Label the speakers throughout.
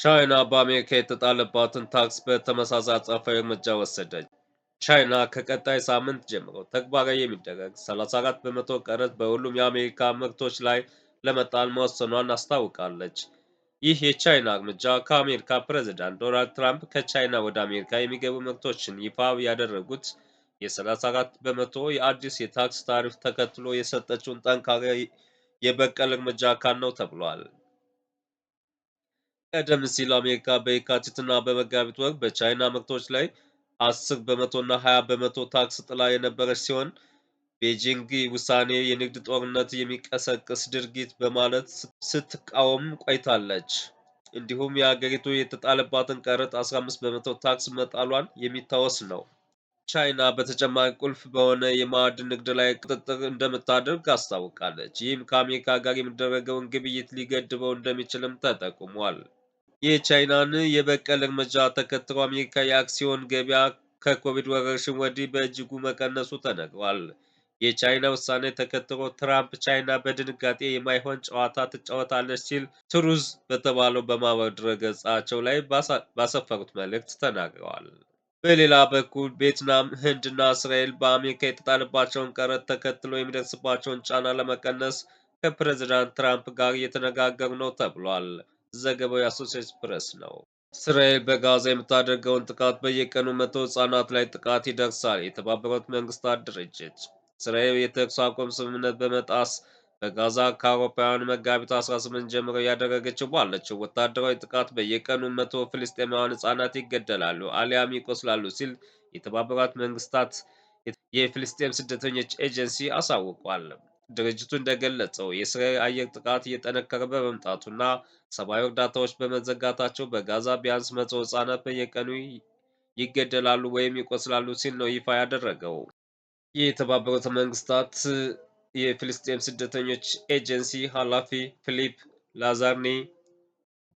Speaker 1: ቻይና በአሜሪካ የተጣለባትን ታክስ በተመሳሳይ አጸፋዊ እርምጃ ወሰደች። ቻይና ከቀጣይ ሳምንት ጀምሮ ተግባራዊ የሚደረግ 34 በመቶ ቀረጥ በሁሉም የአሜሪካ ምርቶች ላይ ለመጣል መወሰኗን አስታውቃለች። ይህ የቻይና እርምጃ ከአሜሪካ ፕሬዝዳንት ዶናልድ ትራምፕ ከቻይና ወደ አሜሪካ የሚገቡ ምርቶችን ይፋ ያደረጉት የ34 በመቶ የአዲስ የታክስ ታሪፍ ተከትሎ የሰጠችውን ጠንካራ የበቀል እርምጃ አካል ነው ተብሏል። ቀደም ሲል አሜሪካ በየካቲትና በመጋቢት ወር በቻይና ምርቶች ላይ 10 በመቶና 20 በመቶ ታክስ ጥላ የነበረች ሲሆን ቤጂንግ ውሳኔ የንግድ ጦርነት የሚቀሰቅስ ድርጊት በማለት ስትቃወም ቆይታለች። እንዲሁም የአገሪቱ የተጣለባትን ቀረጥ 15 በመቶ ታክስ መጣሏን የሚታወስ ነው። ቻይና በተጨማሪ ቁልፍ በሆነ የማዕድን ንግድ ላይ ቁጥጥር እንደምታደርግ አስታውቃለች። ይህም ከአሜሪካ ጋር የሚደረገውን ግብይት ሊገድበው እንደሚችልም ተጠቁሟል። የቻይናን የበቀል እርምጃ ተከትሎ አሜሪካ የአክሲዮን ገበያ ከኮቪድ ወረርሽኝ ወዲህ በእጅጉ መቀነሱ ተነግሯል። የቻይና ውሳኔ ተከትሎ ትራምፕ ቻይና በድንጋጤ የማይሆን ጨዋታ ትጫወታለች ሲል ትሩዝ በተባለው በማህበራዊ ድረገጻቸው ላይ ባሰፈሩት መልእክት ተናግረዋል። በሌላ በኩል ቬትናም፣ ህንድና እስራኤል በአሜሪካ የተጣለባቸውን ቀረጥ ተከትሎ የሚደርስባቸውን ጫና ለመቀነስ ከፕሬዚዳንት ትራምፕ ጋር እየተነጋገሩ ነው ተብሏል። ዘገባው የአሶሲየትድ ፕሬስ ነው። እስራኤል በጋዛ የምታደርገውን ጥቃት በየቀኑ መቶ ህጻናት ላይ ጥቃት ይደርሳል። የተባበሩት መንግስታት ድርጅት እስራኤል የተኩስ አቁም ስምምነት በመጣስ በጋዛ ከአውሮፓውያኑ መጋቢት 18 ጀምሮ እያደረገችው ባለችው ወታደራዊ ጥቃት በየቀኑ መቶ ፍልስጤማውያን ህጻናት ይገደላሉ አሊያም ይቆስላሉ ሲል የተባበሩት መንግስታት የፍልስጤም ስደተኞች ኤጀንሲ አሳውቋል። ድርጅቱ እንደገለጸው የእስራኤል አየር ጥቃት እየጠነከረ በመምጣቱና ሰብአዊ እርዳታዎች በመዘጋታቸው በጋዛ ቢያንስ መቶ ህጻናት በየቀኑ ይገደላሉ ወይም ይቆስላሉ ሲል ነው ይፋ ያደረገው። የተባበሩት መንግስታት የፍልስጤም ስደተኞች ኤጀንሲ ኃላፊ ፊሊፕ ላዛርኒ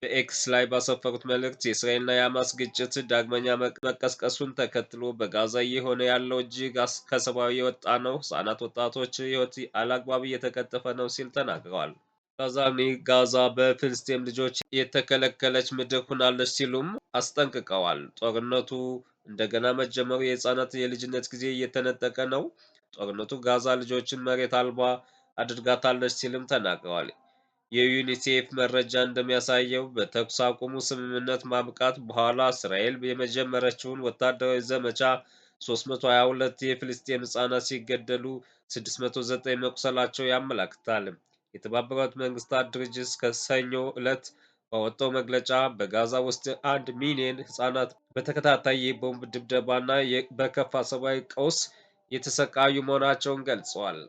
Speaker 1: በኤክስ ላይ ባሰፈሩት መልእክት የእስራኤልና የሐማስ ግጭት ዳግመኛ መቀስቀሱን ተከትሎ በጋዛ እየሆነ ያለው እጅግ ከሰብአዊ የወጣ ነው፣ ህጻናት፣ ወጣቶች ሕይወት አላግባብ እየተቀጠፈ ነው ሲል ተናግረዋል። ጋዛኒ ጋዛ በፍልስጤም ልጆች የተከለከለች ምድር ሆናለች ሲሉም አስጠንቅቀዋል። ጦርነቱ እንደገና መጀመሩ የህፃናት የልጅነት ጊዜ እየተነጠቀ ነው። ጦርነቱ ጋዛ ልጆችን መሬት አልባ አድርጋታለች ሲልም ተናግረዋል። የዩኒሴፍ መረጃ እንደሚያሳየው በተኩስ አቁሙ ስምምነት ማብቃት በኋላ እስራኤል የመጀመረችውን ወታደራዊ ዘመቻ 322 የፍልስጤም ሕፃናት ሲገደሉ 609 መቁሰላቸው ያመላክታል። የተባበሩት መንግስታት ድርጅት ከሰኞ ዕለት ባወጣው መግለጫ በጋዛ ውስጥ አንድ ሚሊዮን ሕፃናት በተከታታይ የቦምብ ድብደባና በከፋ ሰብአዊ ቀውስ የተሰቃዩ መሆናቸውን ገልጸዋል።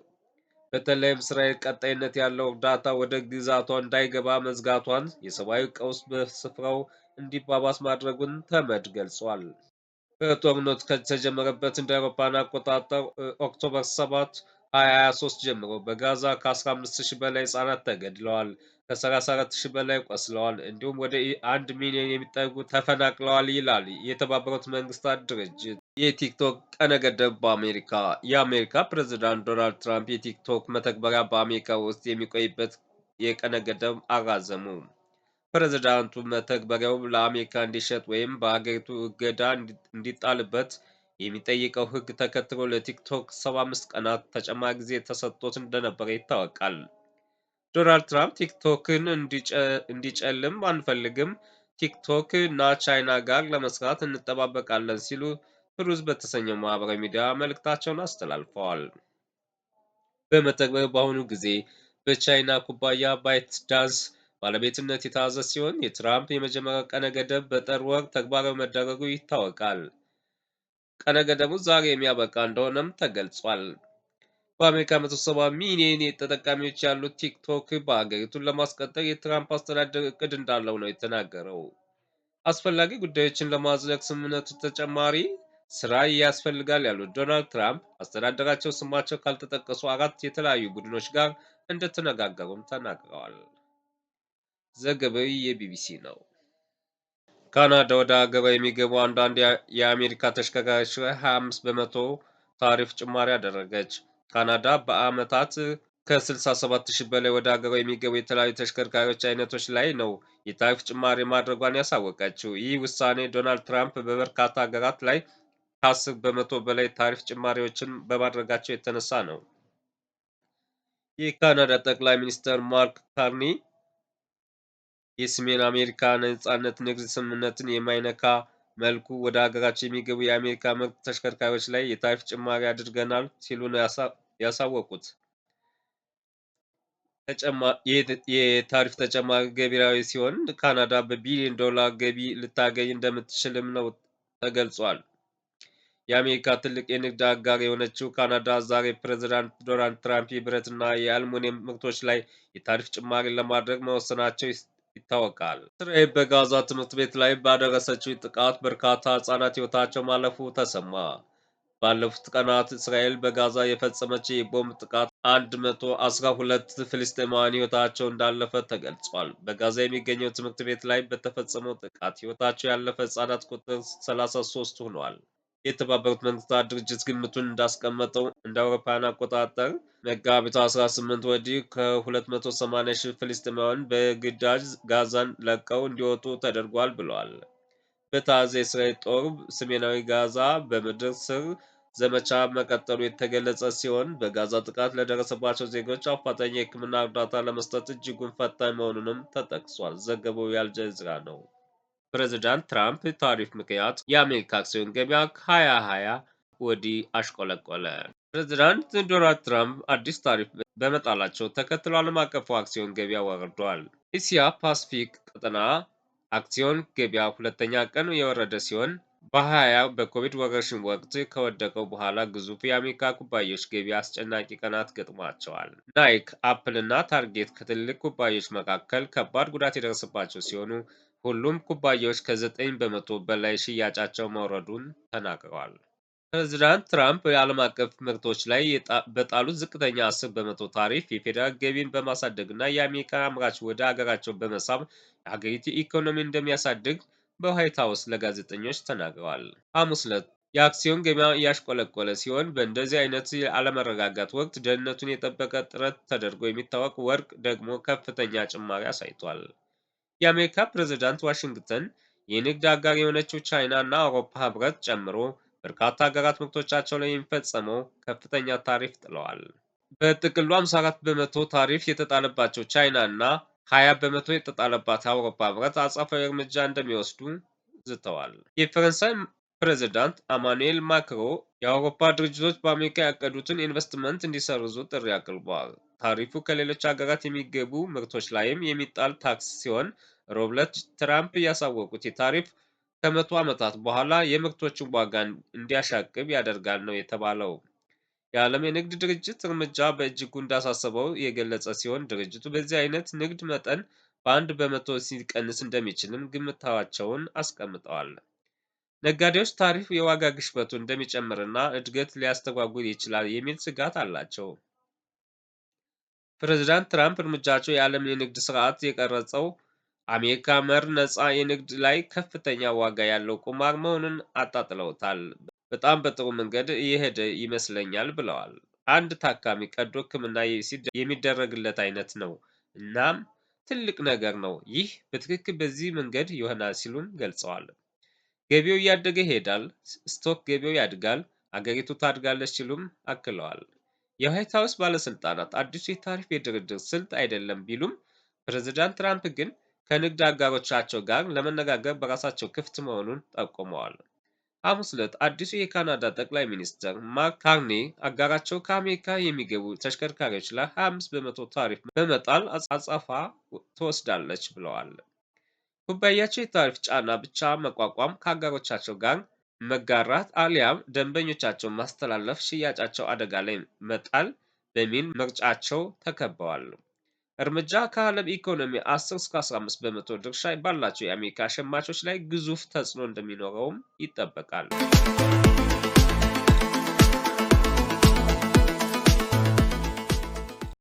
Speaker 1: በተለይም እስራኤል ቀጣይነት ያለው እርዳታ ወደ ግዛቷ እንዳይገባ መዝጋቷን፣ የሰብአዊ ቀውስ በስፍራው እንዲባባስ ማድረጉን ተመድ ገልጿል። በጦርነቱ ከተጀመረበት እንደ አውሮፓን አቆጣጠር ኦክቶበር 7 2023 ጀምሮ በጋዛ ከ15000 በላይ ህጻናት ተገድለዋል፣ ከ34000 በላይ ቆስለዋል፣ እንዲሁም ወደ አንድ ሚሊዮን የሚጠጉ ተፈናቅለዋል ይላል የተባበሩት መንግስታት ድርጅት። የቲክቶክ ቀነ ገደብ በአሜሪካ የአሜሪካ ፕሬዝዳንት ዶናልድ ትራምፕ የቲክቶክ መተግበሪያ በአሜሪካ ውስጥ የሚቆይበት የቀነ ገደብ አራዘሙ። ፕሬዝዳንቱ መተግበሪያው ለአሜሪካ እንዲሸጥ ወይም በሀገሪቱ እገዳ እንዲጣልበት የሚጠይቀው ሕግ ተከትሎ ለቲክቶክ 75 ቀናት ተጨማሪ ጊዜ ተሰጥቶት እንደነበረ ይታወቃል። ዶናልድ ትራምፕ ቲክቶክን እንዲጨልም አንፈልግም፣ ቲክቶክ እና ቻይና ጋር ለመስራት እንጠባበቃለን ሲሉ ሩዝ በተሰኘው ማህበራዊ ሚዲያ መልእክታቸውን አስተላልፈዋል። በመተግበሪያው በአሁኑ ጊዜ በቻይና ኩባያ ባይት ዳንስ ባለቤትነት የተያዘ ሲሆን የትራምፕ የመጀመሪያ ቀነ ገደብ በጥር ወር ተግባራዊ መደረጉ ይታወቃል። ቀነ ገደቡ ዛሬ የሚያበቃ እንደሆነም ተገልጿል። በአሜሪካ 170 ሚሊዮን ተጠቃሚዎች ያሉት ቲክቶክ በሀገሪቱን ለማስቀጠል የትራምፕ አስተዳደር እቅድ እንዳለው ነው የተናገረው። አስፈላጊ ጉዳዮችን ለማዝለቅ ስምምነቱ ተጨማሪ ስራ ያስፈልጋል ያሉት ዶናልድ ትራምፕ አስተዳደራቸው ስማቸው ካልተጠቀሱ አራት የተለያዩ ቡድኖች ጋር እንደተነጋገሩም ተናግረዋል። ዘገባው የቢቢሲ ነው። ካናዳ ወደ ሀገሯ የሚገቡ አንዳንድ የአሜሪካ ተሽከርካሪዎች ላይ 25 በመቶ ታሪፍ ጭማሪ አደረገች። ካናዳ በዓመታት ከ67000 በላይ ወደ ሀገሯ የሚገቡ የተለያዩ ተሽከርካሪዎች አይነቶች ላይ ነው የታሪፍ ጭማሪ ማድረጓን ያሳወቀችው። ይህ ውሳኔ ዶናልድ ትራምፕ በበርካታ ሀገራት ላይ ከአስር በመቶ በላይ ታሪፍ ጭማሪዎችን በማድረጋቸው የተነሳ ነው። የካናዳ ጠቅላይ ሚኒስትር ማርክ ካርኒ የሰሜን አሜሪካ ነጻነት ንግድ ስምምነትን የማይነካ መልኩ ወደ ሀገራቸው የሚገቡ የአሜሪካ ምርት ተሽከርካሪዎች ላይ የታሪፍ ጭማሪ አድርገናል ሲሉ ነው ያሳወቁት። የታሪፍ ተጨማሪ ገቢራዊ ሲሆን ካናዳ በቢሊዮን ዶላር ገቢ ልታገኝ እንደምትችልም ነው ተገልጿል። የአሜሪካ ትልቅ የንግድ አጋር የሆነችው ካናዳ ዛሬ ፕሬዚዳንት ዶናልድ ትራምፕ የብረትና የአልሙኒየም ምርቶች ላይ የታሪፍ ጭማሪ ለማድረግ መወሰናቸው ይታወቃል። እስራኤል በጋዛ ትምህርት ቤት ላይ ባደረሰችው ጥቃት በርካታ ህጻናት ህይወታቸው ማለፉ ተሰማ። ባለፉት ቀናት እስራኤል በጋዛ የፈጸመች የቦምብ ጥቃት 112 ፍልስጤማውያን ህይወታቸው እንዳለፈ ተገልጿል። በጋዛ የሚገኘው ትምህርት ቤት ላይ በተፈጸመው ጥቃት ሕይወታቸው ያለፈ ህጻናት ቁጥር 33 ሆኗል። የተባበሩት መንግስታት ድርጅት ግምቱን እንዳስቀመጠው እንደ አውሮፓውያን አቆጣጠር መጋቢት 18 ወዲህ ከ280 ሺህ ፍልስጤማውያን በግዳጅ ጋዛን ለቀው እንዲወጡ ተደርጓል ብለዋል። በታዘ የእስራኤል ጦር ሰሜናዊ ጋዛ በምድር ስር ዘመቻ መቀጠሉ የተገለጸ ሲሆን በጋዛ ጥቃት ለደረሰባቸው ዜጎች አፋጣኝ የሕክምና እርዳታ ለመስጠት እጅጉን ፈታኝ መሆኑንም ተጠቅሷል። ዘገበው የአልጀዚራ ነው። ፕሬዚዳንት ትራምፕ ታሪፍ ምክንያት የአሜሪካ አክሲዮን ገበያ ከ2020 ወዲህ አሽቆለቆለ። ፕሬዚዳንት ዶናልድ ትራምፕ አዲስ ታሪፍ በመጣላቸው ተከትሎ ዓለም አቀፉ አክሲዮን ገበያ ወርዷል። እስያ ፓስፊክ ቀጠና አክሲዮን ገበያ ሁለተኛ ቀን የወረደ ሲሆን በሀያ በኮቪድ ወረርሽኝ ወቅት ከወደቀው በኋላ ግዙፍ የአሜሪካ ኩባንያዎች ገቢ አስጨናቂ ቀናት ገጥሟቸዋል። ናይክ፣ አፕል እና ታርጌት ከትልቅ ኩባንያዎች መካከል ከባድ ጉዳት የደረሰባቸው ሲሆኑ ሁሉም ኩባንያዎች ከ9 በመቶ በላይ ሽያጫቸው መውረዱን ተናግረዋል። ፕሬዚዳንት ትራምፕ የዓለም አቀፍ ምርቶች ላይ በጣሉት ዝቅተኛ 10 በመቶ ታሪፍ የፌዴራል ገቢን በማሳደግ እና የአሜሪካ አምራች ወደ አገራቸው በመሳብ የሀገሪቱ ኢኮኖሚ እንደሚያሳድግ በዋይት ሀውስ ለጋዜጠኞች ተናግረዋል። ሐሙስ ዕለት የአክሲዮን ገበያ እያሽቆለቆለ ሲሆን በእንደዚህ አይነት አለመረጋጋት ወቅት ደህንነቱን የጠበቀ ጥረት ተደርጎ የሚታወቅ ወርቅ ደግሞ ከፍተኛ ጭማሪ አሳይቷል። የአሜሪካ ፕሬዝዳንት ዋሽንግተን የንግድ አጋር የሆነችው ቻይና እና አውሮፓ ህብረት ጨምሮ በርካታ ሀገራት ምርቶቻቸው ላይ የሚፈጸመው ከፍተኛ ታሪፍ ጥለዋል። በጥቅሉ 54 በመቶ ታሪፍ የተጣለባቸው ቻይና እና ሀያ በመቶ የተጣለባት አውሮፓ ህብረት አጸፋዊ እርምጃ እንደሚወስዱ ዝተዋል። የፈረንሳይ ፕሬዚዳንት አማኑኤል ማክሮ የአውሮፓ ድርጅቶች በአሜሪካ ያቀዱትን ኢንቨስትመንት እንዲሰርዙ ጥሪ አቅርበዋል። ታሪፉ ከሌሎች ሀገራት የሚገቡ ምርቶች ላይም የሚጣል ታክስ ሲሆን ሮብለት ትራምፕ ያሳወቁት የታሪፍ ከመቶ ዓመታት በኋላ የምርቶችን ዋጋ እንዲያሻቅብ ያደርጋል ነው የተባለው። የዓለም የንግድ ድርጅት እርምጃ በእጅጉ እንዳሳሰበው የገለጸ ሲሆን ድርጅቱ በዚህ አይነት ንግድ መጠን በአንድ በመቶ ሲቀንስ እንደሚችልም ግምታቸውን አስቀምጠዋል። ነጋዴዎች ታሪፍ የዋጋ ግሽበቱ እንደሚጨምርና እድገት ሊያስተጓጉል ይችላል የሚል ስጋት አላቸው። ፕሬዚዳንት ትራምፕ እርምጃቸው የዓለም የንግድ ስርዓት የቀረጸው አሜሪካ መር ነፃ የንግድ ላይ ከፍተኛ ዋጋ ያለው ቁማር መሆኑን አጣጥለውታል። በጣም በጥሩ መንገድ እየሄደ ይመስለኛል ብለዋል። አንድ ታካሚ ቀዶ ሕክምና የሚደረግለት አይነት ነው። እናም ትልቅ ነገር ነው። ይህ በትክክል በዚህ መንገድ ይሆናል ሲሉም ገልጸዋል። ገቢው እያደገ ይሄዳል። ስቶክ ገቢው ያድጋል፣ አገሪቱ ታድጋለች ሲሉም አክለዋል። የዋይት ሀውስ ባለስልጣናት አዲሱ የታሪፍ የድርድር ስልት አይደለም ቢሉም ፕሬዚዳንት ትራምፕ ግን ከንግድ አጋሮቻቸው ጋር ለመነጋገር በራሳቸው ክፍት መሆኑን ጠቁመዋል። ሐሙስ ዕለት አዲሱ የካናዳ ጠቅላይ ሚኒስትር ማርክ ካርኔ አጋራቸው ከአሜሪካ የሚገቡ ተሽከርካሪዎች ላይ 25 በመቶ ታሪፍ በመጣል አጻፋ ትወስዳለች ብለዋል። ኩባያቸው የታሪፍ ጫና ብቻ መቋቋም ከአጋሮቻቸው ጋር መጋራት አሊያም ደንበኞቻቸው ማስተላለፍ ሽያጫቸው አደጋ ላይ መጣል በሚል ምርጫቸው ተከበዋል። እርምጃ ከዓለም ኢኮኖሚ 10 እስከ 15 በመቶ ድርሻ ባላቸው የአሜሪካ ሸማቾች ላይ ግዙፍ ተጽዕኖ እንደሚኖረውም ይጠበቃል።